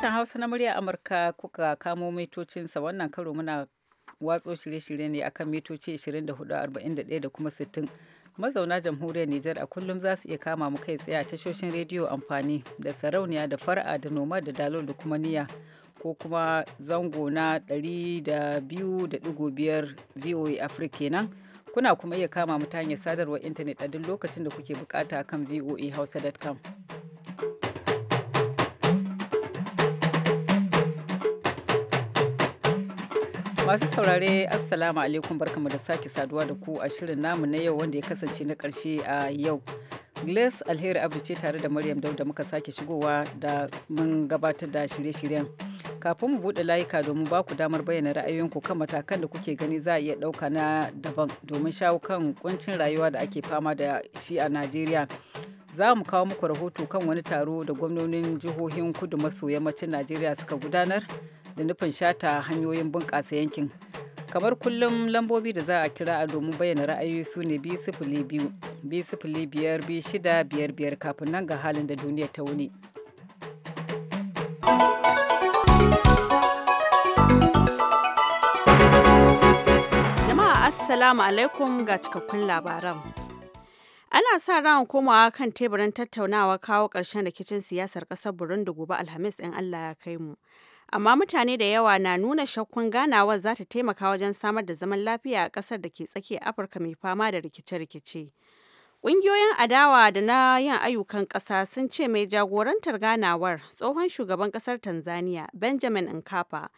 Sashen Hausa na murya Amurka kuka kamo mitocinsa wannan karo muna watso shirye-shirye ne akan mitoci 24,41 da kuma 60. Mazauna jamhuriyar Nijar a kullum za su iya kama mu kai tsaye a tashoshin rediyo amfani da sarauniya da fara da noma da dalol da kuma niya ko kuma zango na 200.5 VOA afirka kenan. Kuna kuma iya kama mu hanyar sadarwar intanet a duk lokacin da kuke bukata kan voa hausa.com. Masu saurare Assalamu alaikum barkamu da sake saduwa da ku a shirin namu na yau wanda ya kasance na karshe a yau. Glace Alheri Abu ce tare da Maryam Dauda muka sake shigowa da mun gabatar da shirye-shiryen. Kafin mu buɗe layuka domin ba ku damar bayyana ra'ayoyinku kan matakan da kuke gani za a iya ɗauka na daban domin shawo kan kuncin rayuwa da ake fama da shi a Najeriya. Za mu kawo muku rahoto kan wani taro da gwamnonin jihohin kudu maso yammacin Najeriya suka gudanar da nufin shata hanyoyin bunƙasa yankin kamar kullum lambobi da za a kira a domin bayyana ra'ayoyi su ne biyar biyar kafin nan ga halin da duniya ta wuni jama'a assalamu alaikum ga cikakkun labaran ana sa ran komawa kan teburin tattaunawa kawo ƙarshen rikicin siyasar ƙasar burundi gobe alhamis in allah ya kai mu amma mutane da yawa na nuna shakkun ganawar za ta taimaka wajen samar da zaman lafiya a ƙasar da ke tsakiyar afirka mai fama da rikice-rikice ƙungiyoyin adawa da na yin ayyukan ƙasa sun ce mai jagorantar ganawar tsohon shugaban ƙasar tanzania benjamin nkapa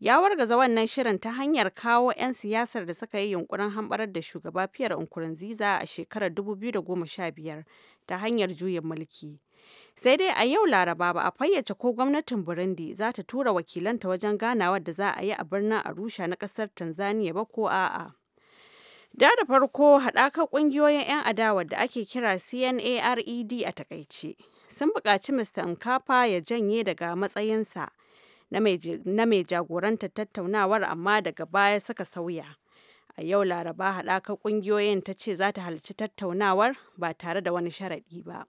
ya wargaza wannan shirin ta hanyar kawo 'yan siyasar da suka yi yunkurin hambarar da shugaba fiyar nkurunziza a shekarar 2015 ta hanyar juyin mulki Sai dai a yau Laraba ba a fayyace ko gwamnatin Burundi za ta tura wakilanta wajen ganawar da za a yi a birnin Arusha na kasar Tanzania ba ko a'a. Da da farko haɗakar ƙungiyoyin 'yan adawar da ake kira CNARED a takaice sun buƙaci Mr. Nkapa ya janye daga matsayinsa na mai jagorantar tattaunawar amma daga baya suka sauya. A yau Laraba haɗakar ƙungiyoyin ta ce za ta halarci tattaunawar ba tare da wani sharaɗi ba.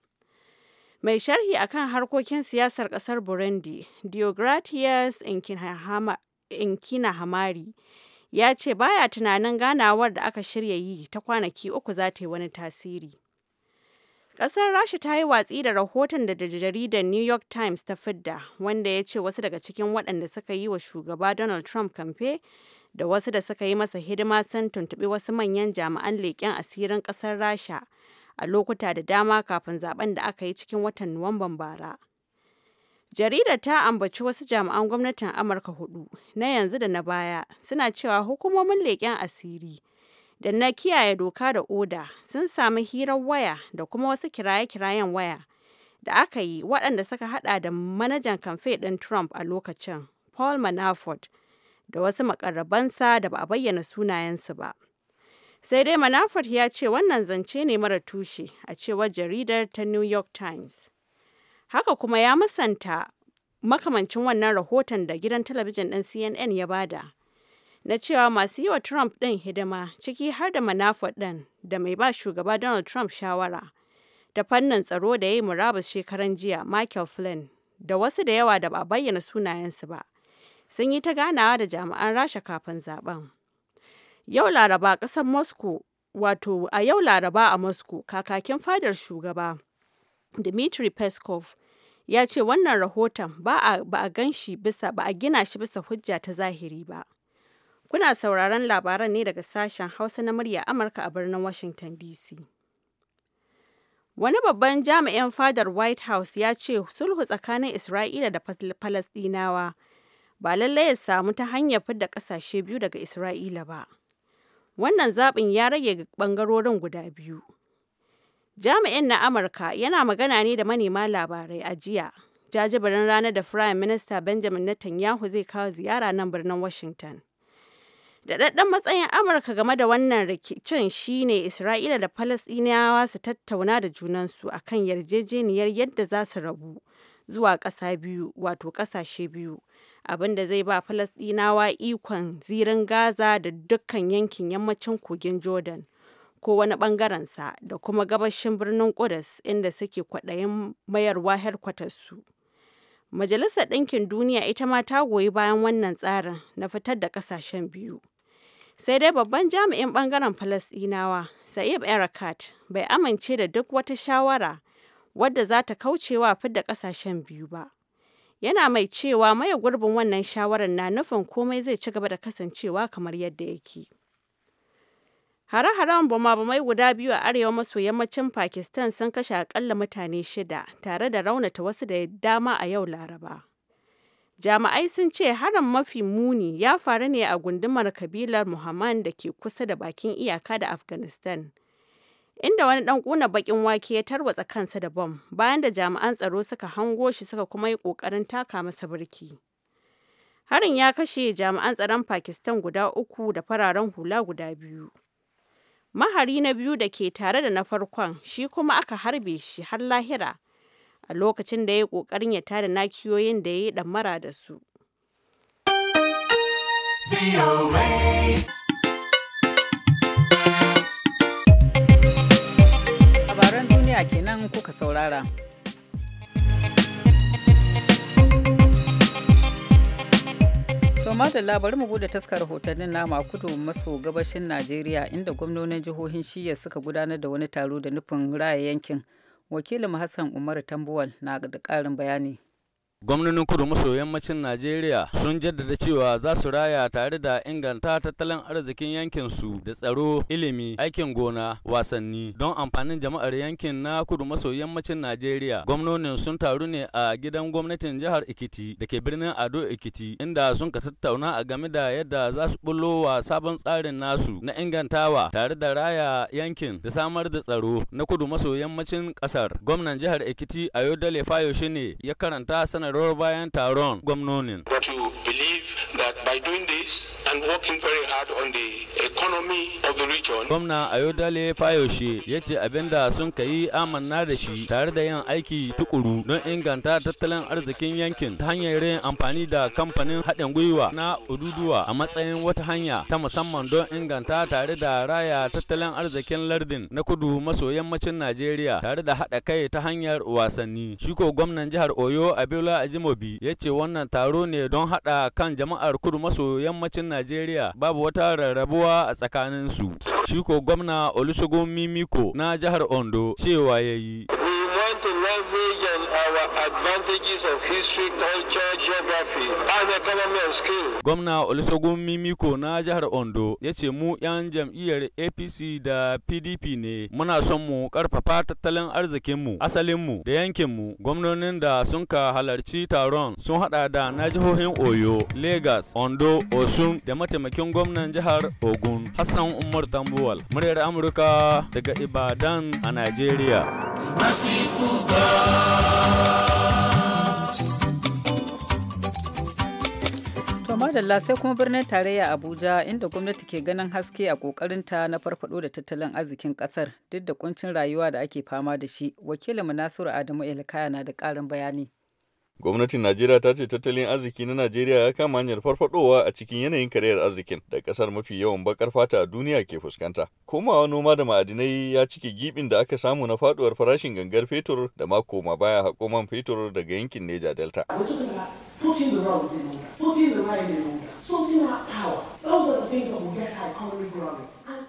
mai sharhi a kan harkokin siyasar kasar burundi diogratius inkina hamari ya ce baya tunanin ganawar da aka shirya yi ta kwanaki uku za ta yi wani tasiri Ƙasar Rasha ta yi watsi da rahoton da jaridar New York Times ta fidda, wanda ya ce wasu daga cikin waɗanda suka yi wa shugaba Donald Trump kamfe da wasu da suka yi masa hidima sun tuntuɓi wasu manyan jami'an leƙen asirin ƙasar Rasha a lokuta da dama kafin zaben da aka yi cikin watan Nuwamban bara. Jaridar ta ambaci wasu jami'an gwamnatin Amurka hudu na yanzu da na baya suna cewa hukumomin leƙen asiri da na kiyaye doka da oda sun sami hirar waya da kuma wasu kiraye-kirayen waya da aka yi waɗanda suka hada da manajan kamfe ɗin Trump a lokacin Paul Manafort da wasu makarabansa da ba a bayyana sunayensu ba. Sai dai manafar ya ce wannan zance ne mara tushe a cewar jaridar ta New York Times. Haka kuma ya musanta makamancin wannan rahoton da gidan talabijin ɗin CNN ya bada. Na cewa masu yi wa Trump ɗin hidima ciki har da manafar ɗin da mai ba shugaba Donald Trump shawara. da fannin tsaro da ya yi murabus shekaran jiya Michael Flynn da wasu da yawa da ba bayyana sunayensu ba sun yi ta ganawa da jami'an rasha kafin zaben. Yau Laraba kasar Moscow Wato a yau Laraba a Moscow, kakakin fadar shugaba, Dmitry Peskov, ya ce wannan rahoton ba a gina shi bisa hujja ta zahiri ba. Kuna sauraron labaran ne daga sashen Hausa na murya Amurka a birnin Washington DC. Wani babban jami'in fadar White House ya ce sulhu tsakanin Isra'ila da Falasdinawa ba lallai ya samu ta hanyar fidda ƙasashe biyu daga Isra'ila ba. Wannan zaɓin ya rage ga ɓangarorin guda biyu. Jami'in na Amurka yana magana ne da manema labarai a jiya, jajibirin ranar da Firayim Minista Benjamin Netanyahu zai kawo ziyara nan birnin Washington. Daɗaɗɗen matsayin Amurka game da wannan rikicin shine Isra'ila da Falasɗinawa su tattauna da junansu akan yarjejeniyar yadda za su rabu zuwa ƙasa biyu, wato ƙasashe biyu, abin da zai ba Falasɗinawa ikon zirin Gaza da dukkan yankin yammacin kogin Jordan ko wani ɓangarensa da kuma gabashin birnin kudus inda suke kwaɗayin mayarwa su. Majalisar Ɗinkin Duniya ita ma ta goyi bayan wannan tsarin na fitar da ƙasashen biyu. sai dai babban jami'in bangaren Falasɗinawa sa'ib erakat bai amince da duk wata shawara wadda za ta kaucewa fidda ƙasashen biyu ba yana mai cewa maye gurbin wannan shawarar na nufin komai zai ci gaba da kasancewa kamar yadda yake hare-haren bama mai guda biyu a arewa maso yammacin pakistan sun kashe akalla mutane shida tare da raunata wasu da dama a yau laraba jami'ai sun ce harin mafi muni ya faru ne a gundumar kabilar muhammad da ke kusa da bakin iyaka da afghanistan inda wani dan kuna bakin wake ya tarwatsa kansa da bom bayan da jami'an tsaro suka hango shi suka kuma yi kokarin taka masa birki. Harin ya kashe jami'an tsaron Pakistan guda uku da fararen hula guda biyu. Mahari na biyu da ke tare da na farkon shi kuma aka harbe shi har lahira a lokacin da ya yi kokarin ya tada nakiyoyin da ya yi damara da su. labaran duniya kenan kuka saurara. To da mu bude taskar rahotannin nama a kudu maso gabashin Najeriya inda gwamnonin jihohin shiya suka gudanar da wani taro da nufin raya yankin. Wakilin Hassan umaru Tambuwal na da ƙarin bayani. Gwamnonin kudu maso yammacin Najeriya sun jaddada cewa za su raya tare da inganta tattalin arzikin yankin su da tsaro, ilimi, aikin gona, wasanni don amfanin jama'ar yankin na kudu maso yammacin Najeriya. Gwamnonin sun taru ne a gidan gwamnatin jihar Ekiti da ke birnin Ado Ekiti inda sun ka tattauna a game da yadda za su bullo wa sabon tsarin nasu na ingantawa tare da raya yankin da samar da tsaro na kudu maso yammacin kasar. Gwamnan jihar Ekiti Ayodele Fayoshe ne ya karanta sanar sanarwar bayan taron gwamnonin. That that by doing and working very hard on economy of the region. Gwamna Ayodale Fayoshe ya ce abinda sun ka yi amanna da shi tare da yin aiki tukuru don inganta tattalin arzikin yankin ta hanyar yin amfani da kamfanin haɗin gwiwa na Ududuwa a matsayin wata hanya ta musamman don inganta tare da raya tattalin arzikin lardin na kudu maso yammacin Najeriya tare da haɗa kai ta hanyar wasanni. Shiko gwamnan jihar Oyo Abiola Ajimobi ya ce wannan taro ne don haɗa kan jama'ar kudu maso yammacin Najeriya babu wata rarrabuwa a tsakaninsu. Shi ko gwamna Olusegun Mimiko na jihar Ondo cewa ya yi. to leverage on our advantages of history, culture, geography, and economy of scale. Gwamna Olusogun Mimiko na jihar Ondo ya ce mu 'yan jam'iyyar APC da PDP ne muna son mu karfafa tattalin arzikinmu, mu da yankinmu. Gwamnonin da sun ka halarci taron sun hada da na jihohin Oyo, Lagos, Ondo, Osun da mataimakin gwamnan jihar Ogun, Hassan Umar Tambuwal. Muryar Amurka daga Ibadan a Najeriya. Masifu madalla sai kuma birnin tarayya abuja inda gwamnati ke ganin haske a kokarinta na farfado da tattalin arzikin kasar duk da kuncin rayuwa da ake fama da shi wakilin nasiru adamu elkaya na da karin bayani Gwamnatin Najeriya ta ce tattalin arziki na Najeriya ya kama hanyar farfadowa a cikin yanayin karayar arzikin da kasar mafi yawan bakar fata a duniya ke fuskanta. Komawa noma da ma'adinai ya cike gibin da aka samu na faduwar farashin gangar fetur da mako ma baya haƙo man fetur daga yankin Neja Delta.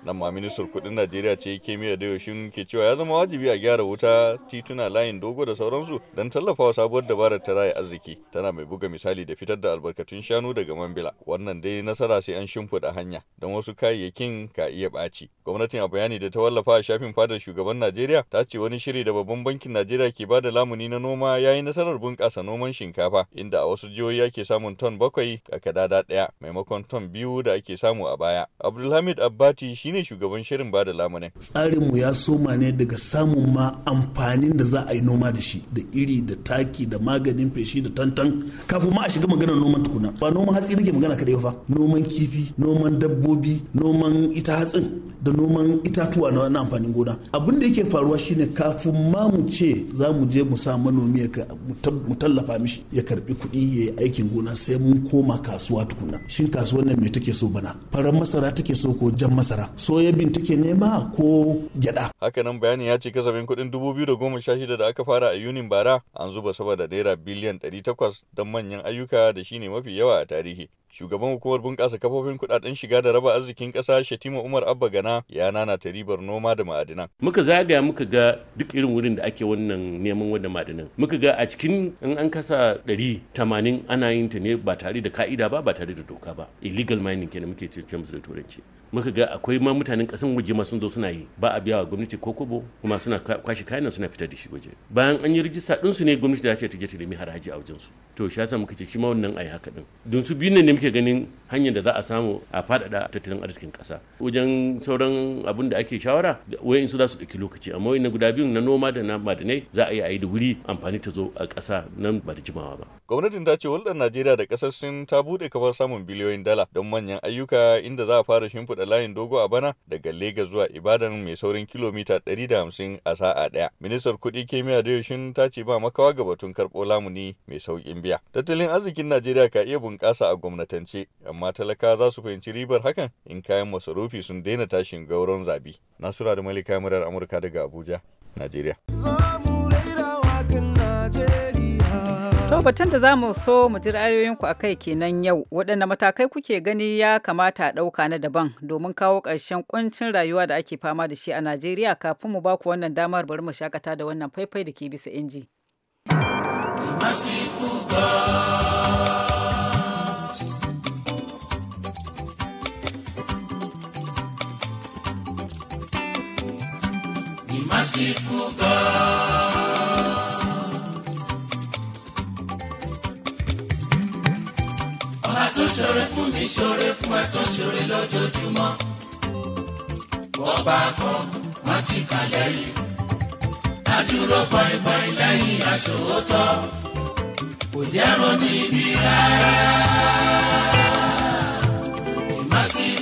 nan ma ministan kudin najeriya ce miya da yaushin ke cewa ya zama wajibi a gyara wuta tituna layin dogo da sauransu don tallafa wa sabuwar dabarar ta raya arziki tana mai buga misali da fitar da albarkatun shanu daga mambila wannan dai nasara sai an shimfiɗa hanya don wasu kayayyakin ka iya ɓaci gwamnatin a bayani da ta wallafa a shafin fadar shugaban najeriya ta ce wani shiri da babban bankin najeriya ke bada lamuni na noma ya yi nasarar bunƙasa noman shinkafa inda a wasu jihohi ake samun ton bakwai a kadada ɗaya maimakon ton biyu da ake samu a baya abdulhamid abbati shi ne shugaban shirin ba da lamunin. mu ya soma ne daga samun ma amfanin da za a yi noma da shi da iri da taki da maganin feshi da tantan kafin ma a shiga maganar noman tukuna. Ba noman hatsi nake magana kadai fa noman kifi, noman dabbobi, noman ita hatsin da noman itatuwa na amfanin gona. Abin da yake faruwa shine kafin ma mu ce za mu je mu sa manomi mu tallafa mishi ya karbi kuɗi ya yi aikin gona sai mun koma kasuwa tukuna. Shin kasuwar nan me take so bana? Farar masara take so ko jan masara? soyabin take nema ko gyada. Hakanan bayani ya ce kasafin kuɗin 2016 da aka fara a Yunin bara an zuba sama da naira biliyan 800 don manyan ayyuka da shine mafi yawa a tarihi. Shugaban hukumar bunƙasa kafofin kuɗaɗen shiga da raba arzikin ƙasa Shatima Umar Abba Gana ya nana ta ribar noma da ma'adinan. Muka zagaya muka ga duk irin wurin da ake wannan neman wannan ma'adinan. Muka ga a cikin in an kasa ɗari tamanin ana yin ta ne ba tare da ka'ida ba ba tare da doka ba. Illegal mining kenan muke cin da turanci. muka ga akwai ma mutanen kasan waje ma sun zo suna yi ba a biya wa gwamnati ko kobo kuma suna kwashe kayan suna fitar da shi waje bayan an yi rijista din su ne gwamnati da ce ta je ta nemi haraji a wajen su to shi yasa muka ce shi ma wannan ai haka din dun su biyu ne muke ganin hanyar da za a samu a faɗaɗa tattalin arzikin ƙasa wajen sauran abin da ake shawara wayan su za su ɗauki lokaci amma na guda biyun na noma da na madanai za a yi a yi da wuri amfani ta zo a ƙasa nan ba da jimawa ba gwamnatin ta ce hulɗar najeriya da kasar sun ta buɗe kafar samun biliyoyin dala don manyan ayyuka inda za a fara shimfiɗa layin dogo a bana daga lagos zuwa ibadan mai saurin kilomita ɗari da hamsin a sa'a ɗaya ministar kuɗi kimiyya da yaushin ta ce ba makawa ga batun karɓo lamuni mai sauƙin biya tattalin arzikin najeriya ka iya bunƙasa a gwamnati gwamnatance amma talaka za su fahimci ribar hakan in kayan masarufi sun daina tashin gauron zabi nasura da malika murar amurka daga abuja najeriya To batun da zamu so mu ji ra'ayoyinku a kai kenan yau waɗanne matakai kuke gani ya kamata a ɗauka na daban domin kawo ƙarshen ƙuncin rayuwa da ake fama da shi a Najeriya kafin mu ba ku wannan damar bari mu shakata da wannan faifai da ke bisa inji. merciful God. Ọba tó ṣoore fún mi ṣoore fún ẹ tó ṣoore lójoojúmọ́. Bọ́ba kọ́ wá ti kà lẹ́yìn. Adúró bọ́ìbọ́ì lẹ́yìn aṣòótọ́. Kò jẹ́ ronú ibi rárá. Merciful.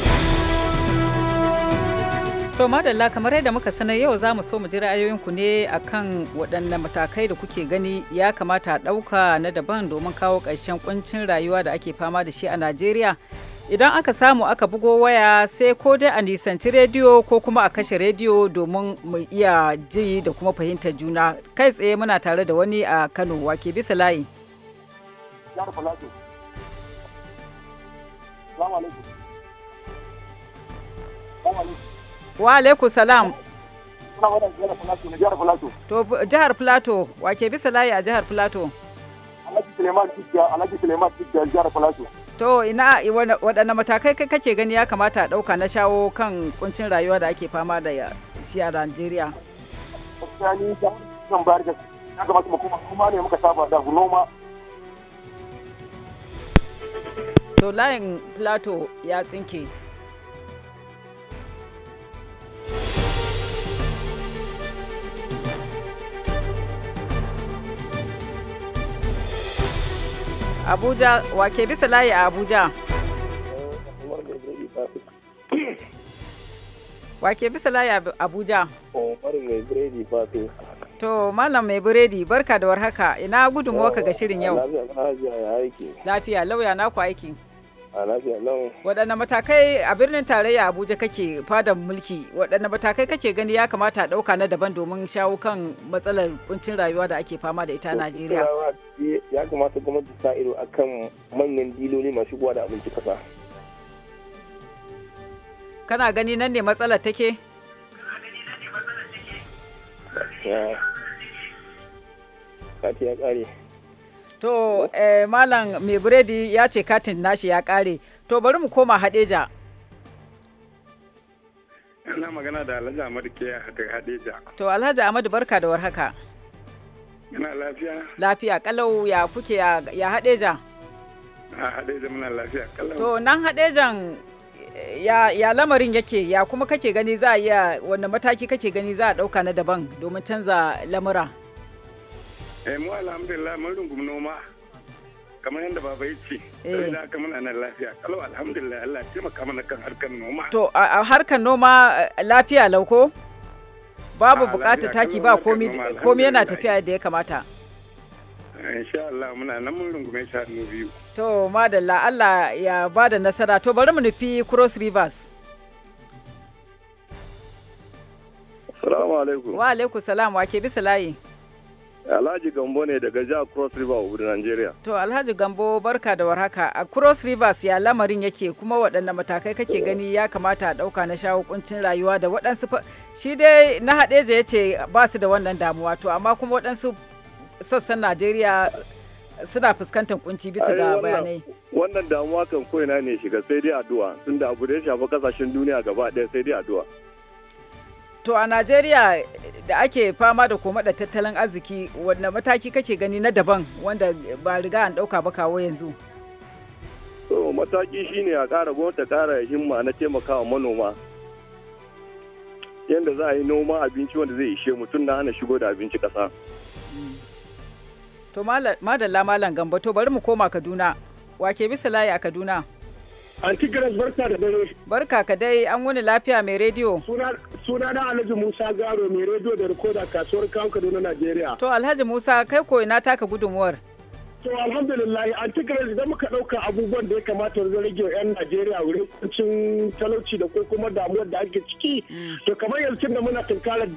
To madalla kamar yadda muka sanar yau za mu so mu ji ra'ayoyinku ne akan waɗanne matakai da kuke gani ya kamata a ɗauka na daban domin kawo ƙarshen kuncin rayuwa da ake fama da shi a Najeriya. Idan aka samu aka bugo waya sai ko dai a nisanci rediyo ko kuma a kashe rediyo domin mu iya ji da kuma fahimtar juna. Kai tsaye muna tare da wani a Kano wake bisa layi. alaikum. Wa alaikum salam. To jihar Filato, ke bisa layi a jihar Filato? Alhaji Suleiman Tijja, Alhaji Suleiman Tijja jihar Filato. To ina waɗanne matakai kai kake gani ya kamata a ɗauka na shawo kan kuncin rayuwa da ake fama da shi a Najeriya? To layin Plato ya tsinke. Abuja wake bisa layi a Abuja. Wake bisa layi a Abuja. To Malam mai biredi barka da warhaka ina gudun ka ga shirin yau. Lafiya lauya naku aiki. waɗanne matakai a birnin tarayya abuja kake fadan mulki waɗanne matakai kake gani ya kamata a ɗauka na daban domin shawo kan matsalar kuncin rayuwa da ake fama da ita a najeriya ya kamata gwamnati ta ido akan manyan diloli masu guwa da abinci kasa kana gani nan ne matsalar take Kati ya kare. To, eh, Malam mai buredi ya ce katin nashi ya kare. To, bari mu koma Hadeja. Ina magana da Alhaji Ahmadu ke Hadeja. To, Alhaji Ahmadu barka da warhaka. Ina lafiya. Lafiya, kalau ya kuke ya, ya Hadeja? A Hadeja muna lafiya, kalau. To, nan Hadejan ya, ya lamarin yake ya kuma kake gani za a iya wanda mataki kake gani za a ɗauka na daban domin canza lamura. Eh mu alhamdulillah mun rungum noma. kamar yadda baba ya ce eh. sai da aka muna nan lafiya kalau alhamdulillah Allah taimaka mana kan harkar noma to a harkar noma eh, lafiya lauko babu bukatar taki ba komi yana tafiya da ya kamata eh, insha Allah muna nan mun rungume shi biyu to madalla Allah ya ba da nasara to bari mu nufi cross rivers Assalamu alaikum. Wa alaikum salam wa ke bisa layi. Alhaji Gambo ne daga jihar Cross River Obudu, Nigeria. To Alhaji Gambo barka da warhaka. A Cross Rivers ya lamarin yake kuma waɗanne matakai kake gani ya kamata a ɗauka na shawo kuncin rayuwa da waɗansu shi dai na haɗeja ya ce ba su da wannan damuwa to amma kuma waɗansu sassan Najeriya suna fuskantar kunci bisa ga bayanai. Wannan damuwa kan ko'ina ne shiga sai dai addu'a tunda abu da ya shafi kasashen duniya gaba ɗaya sai dai addu'a. To a Najeriya da ake fama da koma da tattalin arziki wadda mataki kake gani na daban wanda ba riga an ɗauka ba kawo yanzu? so mataki shine a ƙara gwamnati ƙara himma na taimakawa manoma. Yadda za a yi noma abinci wanda zai ishe mutum na hana shigo da abinci ƙasa. To madalla malam gambato to bari mu koma Kaduna. Wake bisa layi a Kaduna? ci Grace barka da dare. Barka ka dai an wani lafiya mai rediyo. Suna na Alhaji Musa Garo mai rediyo da rikoda kasuwar kawo Kaduna Najeriya. To Alhaji Musa kai ko ina taka gudunmuwar. To alhamdulillah an ci muka ɗauka abubuwan da ya kamata wajen rage 'yan Najeriya wurin kuncin talauci da ko kuma damuwar da ake ciki. Mm. To kamar yanzu da muna tunkara.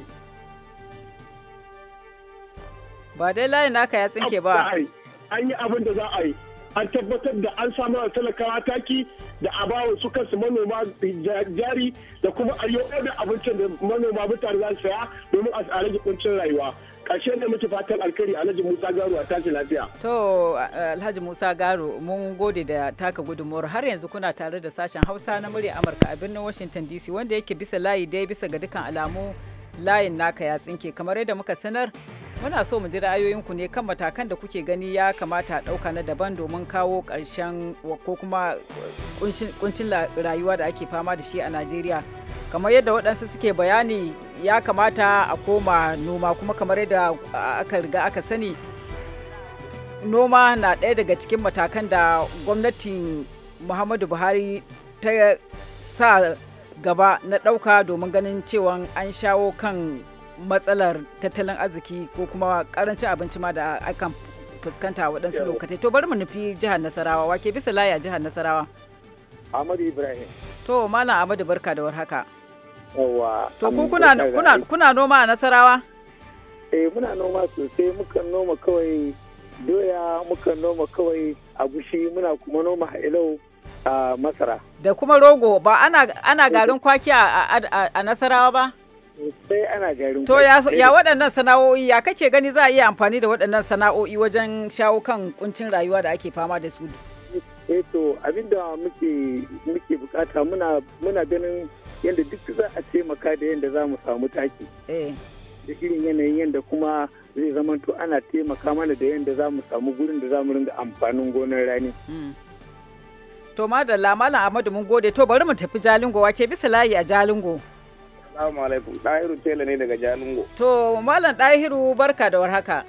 Ba dai layin naka ya tsinke ba. An yi abin da za a yi. An tabbatar da an samu talakawa taki da a bawa su kansu manoma jari da kuma a da abincin da manoma mutane za su saya domin a rage kuncin rayuwa ƙarshe da muke fatan alkhairi alhaji musa garo a tashi lafiya to alhaji musa garo mun gode da taka gudunmuwar har yanzu kuna tare da sashen hausa na murya amurka a birnin washington dc wanda yake bisa layi dai bisa ga dukkan alamu layin naka ya tsinke kamar yadda muka sanar Muna so mu ji ra'ayoyinku ne kan matakan da kuke gani ya kamata a ɗauka na daban domin kawo ƙarshen ko kuma kuncin rayuwa da ake fama da shi a Najeriya. Kamar yadda waɗansu suke bayani ya kamata a koma noma kuma kamar yadda aka riga aka sani noma na ɗaya daga cikin matakan da gwamnatin Muhammadu Buhari ta sa gaba na ɗauka domin ganin cewa an shawo kan matsalar tattalin arziki ko kuma karancin abinci ma da akan fuskanta waɗansu lokacin. to bari mu nufi jihar nasarawa wake bisa laya jihar nasarawa ahmadu ibrahim to malam ahmadu barka da warhaka yawa to ku kuna kuna kuna noma a nasarawa eh muna noma sosai muka noma kawai doya muka noma kawai agushi muna kuma noma hailau a masara da kuma rogo ba ana ana garin kwaki a nasarawa ba sai ana garin to ya waɗannan sana'o'i ya kake gani za a iya amfani da waɗannan sana'o'i wajen shawo kan kuncin rayuwa da ake fama da su eh to abinda muke muke bukata muna muna ganin yadda duk za a taimaka da yadda za mu samu taki eh. da irin yanayin yadda kuma zai zama to ana taimaka mana da yadda za mu samu gurin da za mu ringa amfanin gonar rani hmm. to madalla malam amadu mun gode to bari mu tafi jalingo wake bisa layi a jalingo Assalamu alaikum. Ɗahiru tela ne daga Jalingo. To, Malam Ɗahiru barka da warhaka.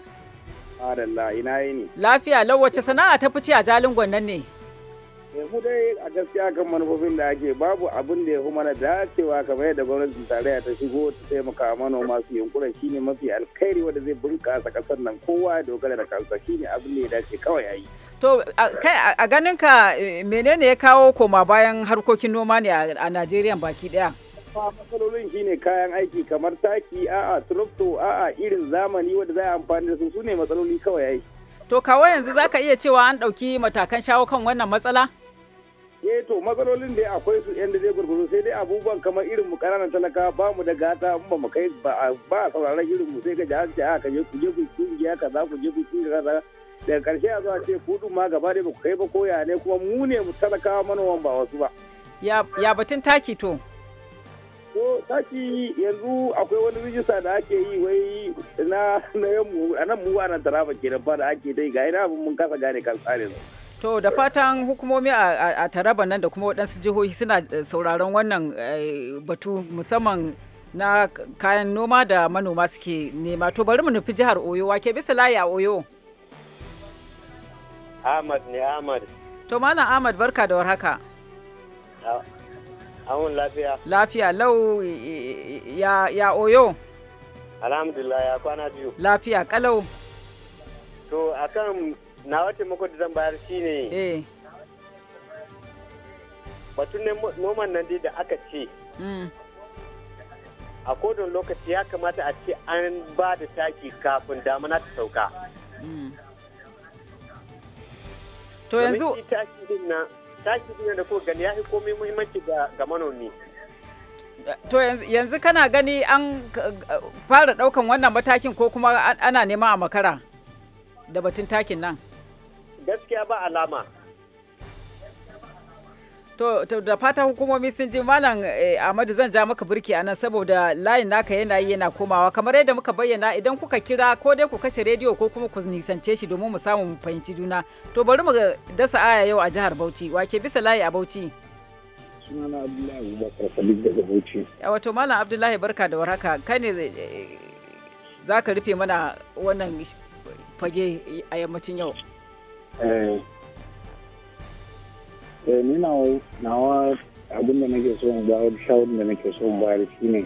Adalla, ina yi ne. Lafiya, lawace sana'a ta fice a Jalingon nan ne. Yanzu eh, dai a gaskiya kan manufofin da ake babu abin da ya fi mana dacewa kamar yadda gwamnatin tarayya ta shigo ta taimaka manoma su shi shine mafi alkhairi wanda zai bunƙasa ƙasar nan kowa ya dogara da kansa shine abin da ya dace kawai a yi. To kai a ganin ka eh, menene ya kawo koma bayan harkokin noma ne a Najeriya baki ɗaya? fa matsalolin shine kayan aiki kamar taki a'a tractor a'a irin zamani wanda za a amfani da su su ne matsaloli kawai yi. to kawai yanzu za ka iya cewa an ɗauki matakan shawo kan wannan matsala eh to matsalolin da akwai su yan zai gurguru sai dai abubuwan kamar irin mu kananan talaka ba mu da gata mu ba mu kai ba a sauraron irin mu sai ga jihar a ka je ku je ku kungiya kaza ku je ku kungiya haka, daga karshe a zuwa ce kudu ma gaba da ba ku kai ba ko ya ne kuma mu ne mu talakawa manoman ba wasu ba ya batun taki to to saki yanzu akwai wani rijista da ake yi wai na na yamu a nan mu a nan taraba ke da da ake dai ga ina abin mun kasa gane kan tsarin To da fatan hukumomi a taraba nan da kuma waɗansu jihohi suna eh, sauraron wannan eh, batu musamman na kayan noma da manoma suke nema to bari mu nufi jihar oyo wake bisa layi a oyo ahmad ne ahmad to malam ahmad barka da warhaka ah, Awun lafiya. Lafiya lau ya, ya oyo. Alhamdulillah ya kwana biyu. Lafiya kalau. To a kan na wace mako da zan bayar shine. Eh. Batun noman nan dai da aka ce. Hmm. A kodon lokaci ya kamata a ce an ba da taki kafin damuna ta sauka. Hmm. To yanzu. Taki din taki ne da kuka gani ya fi komai muhimmanci ga manomi to yanzu kana gani an fara daukan wannan matakin ko kuma ana nema a makara da batun takin nan gaskiya ba alama To, da fatan hukumomi sun ji malam eh, Ahmadu zan ja maka birki a nan saboda layin naka yana yi yana komawa kamar yadda muka bayyana idan kuka kira ko dai ku kashe rediyo ko kuma ku nisance shi domin mu samu mu fahimci juna. To bari mu dasa aya yau a jihar Bauchi wake bisa layi a Bauchi. Sunana Abdullahi Bakar Sadiq daga Bauchi. Wato malam Abdullahi barka da warhaka kai ne eh, zaka rufe mana wannan fage a yammacin yau. Eh. Eh, ni nawa abin nake so ba bayar da nake so bayar shine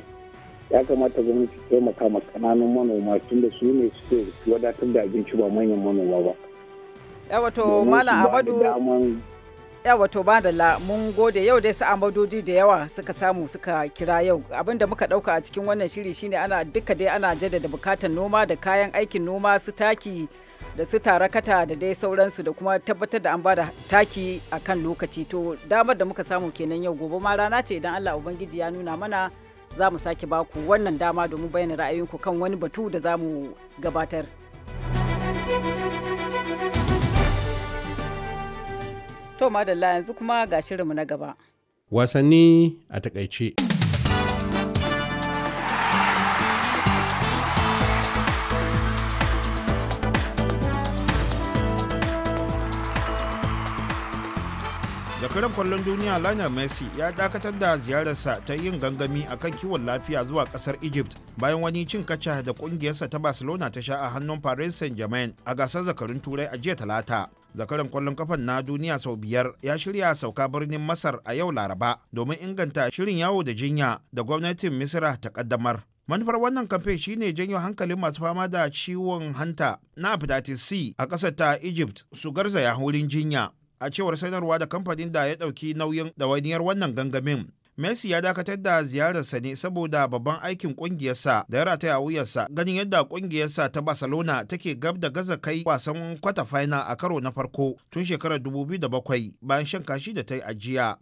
ya kamata gwamnati ta taimaka ma kananun manoma da su ne suke wadatar da abinci ba manyan manoma ba yawato malam abadu yawato badala mun gode yau dai su amadodi da yawa suka samu suka kira yau abinda muka dauka a cikin wannan shiri shine ana duka dai ana jaddada bukatan noma da kayan aikin noma su taki da su tarakata da dai sauransu da kuma tabbatar da an ba da taki a kan lokaci to damar da muka samu kenan yau gobe ma rana ce idan allah ubangiji ya nuna mana za mu sake baku wannan dama domin bayyana ra'ayinku kan wani batu da za mu gabatar to madalla yanzu kuma ga shirinmu na gaba wasanni a takaice zakaran kwallon duniya lana messi ya dakatar da ziyararsa ta yin gangami a kan kiwon lafiya zuwa kasar egypt bayan wani cin kaca da kungiyarsa ta barcelona ta sha a hannun paris saint-germain a gasar zakarun turai a jiya talata zakaran kwallon kafan na duniya sau biyar ya shirya sauka birnin masar a yau laraba domin inganta shirin yawo da jinya da gwamnatin misira ta kaddamar manufar wannan kamfe shine janyo hankalin masu fama da ciwon hanta na hepatitis c a ƙasar ta egypt su garzaya wurin jinya a cewar sanarwa da kamfanin da ya ɗauki nauyin ɗawainiyar wannan gangamin Messi ya dakatar da ziyararsa ne saboda babban aikin kungiyarsa da ya rataya wuyarsa ganin yadda kungiyarsa ta Barcelona take gab da gaza kai wasan kwata final a karo na farko tun shekarar 2007 bayan shan kashi da ta yi ajiya.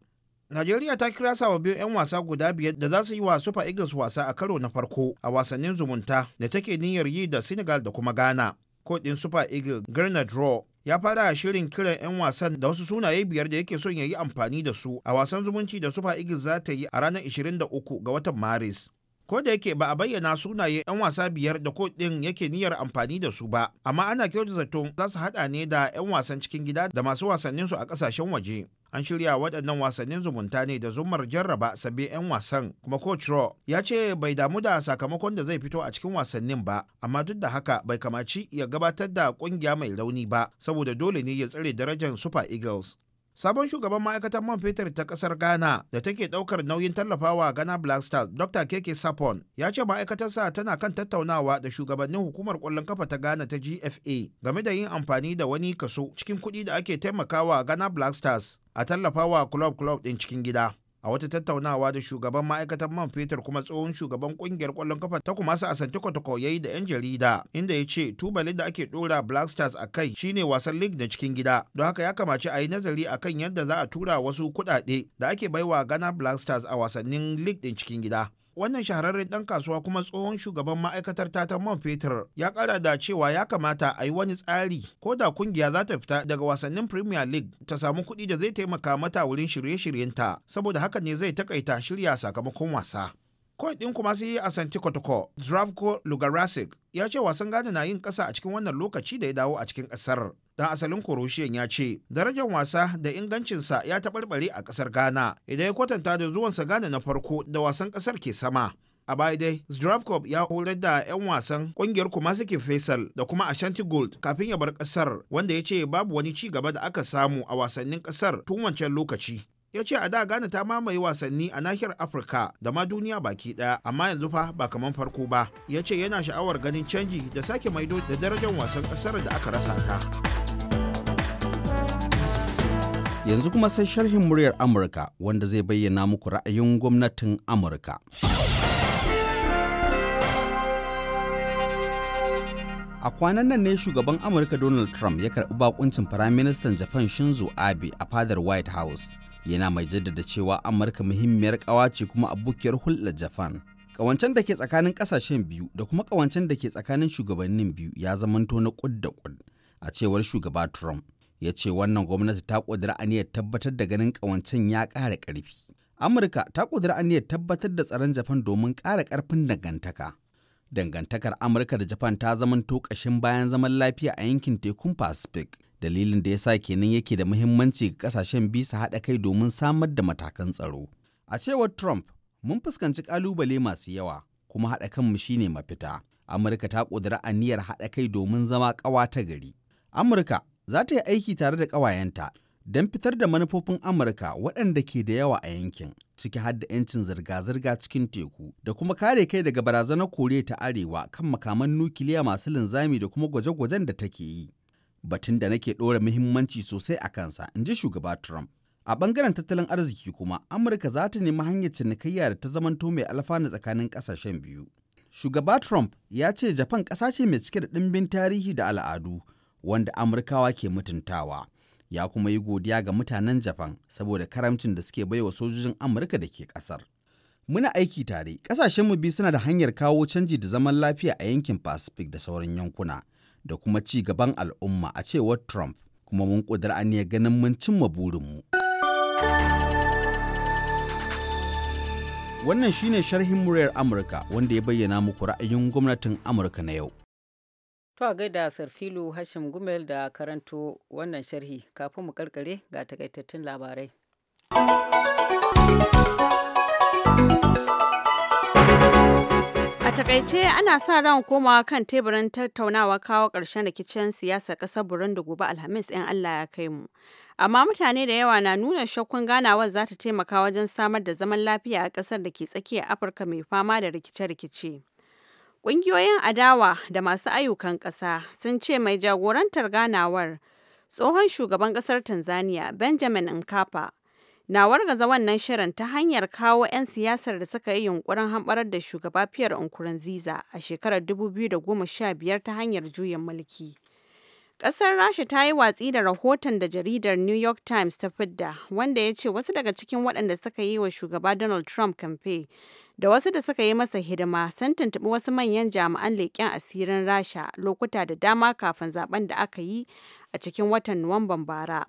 Najeriya ta kira sababbin 'yan wasa guda biyar da za su yi wa Super Eagles wasa a karo na farko a wasannin zumunta da take niyyar yi da Senegal da kuma Ghana. Kodin Super Eagles Grenadier Draw ya fara shirin kiran 'yan wasan da wasu sunaye biyar da yake son ya yi amfani da su a wasan zumunci da Super Eagles za ta yi a ranar 23 ga watan Maris. Ko da yake ba a bayyana sunaye 'yan wasa biyar da ko ɗin yake niyyar amfani da su ba, amma ana kyautu zaton za su haɗa ne da 'yan wasan cikin gida da masu wasanninsu a ƙasashen waje. an shirya waɗannan wasannin zumunta ne da zumar jarraba sabbin 'yan wasan kuma coach raw ya ce bai damu da sakamakon da zai fito a cikin wasannin ba amma duk da haka bai kamaci ya gabatar da ƙungiya mai rauni ba saboda dole ne ya tsare darajar super eagles sabon shugaban ma'aikatar man fetur ta kasar ghana da take daukar nauyin tallafawa ghana black stars dr keke sapon ya ce ma'aikatarsa tana kan tattaunawa da shugabannin hukumar kwallon kafa ta ghana ta gfa game da yin amfani da wani kaso cikin kuɗi da ake taimakawa ghana black stars a tallafawa club club din cikin gida a wata tattaunawa da shugaban ma'aikatan man fetur kuma tsohon shugaban kungiyar kwallon kafa ta kuma asanti kotoko ya yi da 'yan jarida inda ya ce tubalin da ake dora black stars a kai shine wasan league na cikin gida don haka ya kamaci a yi nazari a kan yadda za a tura wasu kuɗaɗe da ake baiwa ghana black stars a wasannin league din cikin gida wannan shahararren ɗan kasuwa kuma tsohon shugaban ma'aikatar tatan man fetur ya ƙara da cewa ya kamata a yi wani tsari ko da kungiya za ta fita daga wasannin premier league ta samu kuɗi da zai taimaka mata wurin shirye-shiryenta saboda haka ne zai takaita shirya sakamakon wasa Kawai ɗin kuma sai a Santi Kotoko, Zdravko Lugarasic ya ce wasan Ghana na yin ƙasa a cikin wannan lokaci da ya dawo a cikin ƙasar. dan asalin Kuroshiyan ya ce darajar wasa da ingancinsa ya taɓarɓare a ƙasar Ghana idan ya kwatanta da zuwansa Ghana na farko da wasan ƙasar ke sama. A baya dai, Zdravkov ya horar da 'yan wasan ƙungiyar suke Faisal da kuma Ashanti Gold kafin ya bar ƙasar wanda ya ce babu wani ci gaba da aka samu a wasannin ƙasar tun wancan lokaci. ya ce a da Ghana ta mamaye wasanni a nahiyar Afirka da ma duniya baki ɗaya amma yanzu fa ba kamar farko ba ya ce yana sha'awar ganin canji da sake maido da darajar wasan ƙasar da aka rasa ta. Yanzu kuma sai sharhin muryar Amurka wanda zai bayyana muku ra'ayin gwamnatin Amurka. A kwanan nan ne shugaban Amurka Donald Trump ya karɓi bakuncin Firaministan Japan Shinzo Abe a fadar White House. Yana mai jaddada cewa Amurka muhimmiyar kawa ce kuma abokiyar hulɗar Japan. Ƙawancen da ke tsakanin ƙasashen biyu da kuma ƙawancen da ke tsakanin shugabannin biyu ya zamanto na ƙud da ƙud a cewar shugaba Trump. ya ce wannan gwamnati ta ƙudiri aniyar tabbatar da ganin ƙawancen ya ƙara ƙarfi. Amurka ta ƙudiri aniyar tabbatar da tsaron Japan domin ƙara ƙarfin dangantaka. Dangantakar Amurka da Japan ta zamanto ƙashin bayan zaman lafiya a yankin tekun Pacific. Dalilin da ya sa kenan yake da muhimmanci ga ƙasashen biyu su haɗa kai domin samar da matakan tsaro. A cewar Trump, mun fuskanci ƙalubale masu yawa, kuma haɗa kanmu shine mafita. Amurka ta ƙudiri aniyar haɗa kai domin zama ƙawa ta gari. Amurka za ta yi aiki tare da ƙawayenta don fitar da manufofin Amurka waɗanda ke da yawa a yankin, ciki har da 'yancin zirga-zirga cikin teku, da kuma kare kai daga barazanar Koriya ta Arewa kan makaman nukiliya masu linzami da kuma gwaje-gwajen da take yi. Batun da nake ɗora muhimmanci sosai a kansa, in ji shugaba Trump. A ɓangaren tattalin arziki kuma, Amurka za ta nemi hanyar cinikayya da ta zamanto mai alfanu tsakanin ƙasashen biyu. Shugaba Trump ya ce Japan ƙasa ce mai cike da ɗimbin tarihi da al'adu, wanda amurkawa ke mutuntawa ya kuma yi godiya ga mutanen japan saboda karamcin da suke baiwa sojojin amurka da ke kasar muna aiki tare kasashenmu biyu suna da hanyar kawo canji da zaman lafiya a yankin pacific da sauran yankuna da kuma ci gaban al'umma a cewar trump kuma mun ƙudura aniyar ganin mun cimma burinmu wannan shine sharhin muryar amurka wanda ya bayyana muku ra'ayin gwamnatin amurka na yau To a gaida Sarfilu Hashim Gumel da karanto wannan sharhi kafin mu karkare ga takaitattun labarai. A takaice ana sa ran komawa kan teburin tattaunawa kawo ƙarshen rikicin siyasa ƙasar Burundi gobe Alhamis 'yan Allah ya kai mu. Amma mutane da yawa na nuna shakkun ganawar za ta taimaka wajen samar da zaman lafiya a ƙasar da ke tsakiyar Afirka mai fama da rikice-rikice. Ƙungiyoyin adawa da masu ayyukan ƙasa sun ce mai jagorantar ganawar, tsohon shugaban ƙasar Tanzania Benjamin Nkapa na wargaza wannan shirin ta hanyar kawo 'yan siyasar da suka yi yunkurin hamɓarar da shugaba Pierre Nkurunziza a shekarar 2015 ta hanyar juyin mulki. Ƙasar Rasha ta yi watsi da rahoton da jaridar New York Times ta fidda, wanda ya ce wasu daga cikin waɗanda suka yi wa shugaba Donald Trump kamfe da wasu da suka yi masa hidima sun tuntuɓi wasu manyan jami'an leƙen asirin Rasha lokuta da dama kafin zaben da aka yi a cikin watan Nuwamban bara.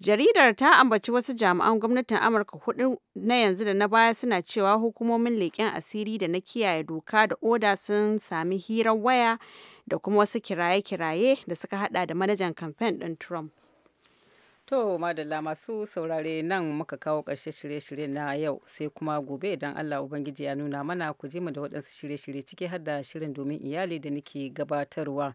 Jaridar ta ambaci wasu jami'an gwamnatin Amurka hudu na yanzu da na baya suna cewa hukumomin leƙen asiri da na kiyaye doka da oda sun sami hirar waya da kuma wasu kiraye-kiraye da suka hada da manajan kamfen ɗin Trump. To, madalla masu saurare nan muka kawo ƙarshe shirye-shirye na yau sai kuma gobe idan Allah Ubangiji ya nuna mana ku ji mu da waɗansu shirye-shirye ciki har da shirin domin iyali da nake gabatarwa.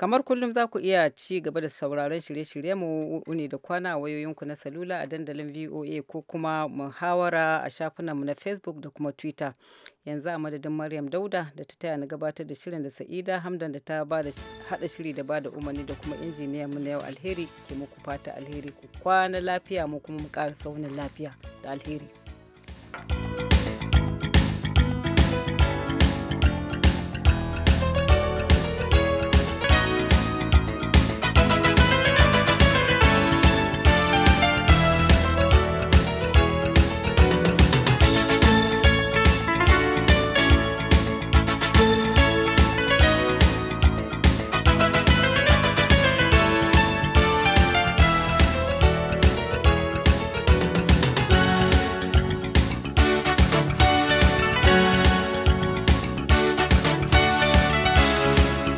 Kamar kullum za ku iya ci gaba da sauraron shirye-shirye mu ne da kwana a wayoyinku na salula a dandalin VOA ko kuma muhawara a shafinanmu na Facebook da kuma Twitter. Yanzu a madadin Maryam Dauda da ta taya na gabatar da shirin da Sa'ida Hamdan da ta hada shiri da bada umarni da kuma injiniyan mu na yau alheri ke muku fata alheri ku kwana lafiya mu kuma mu ƙara saunin lafiya da alheri.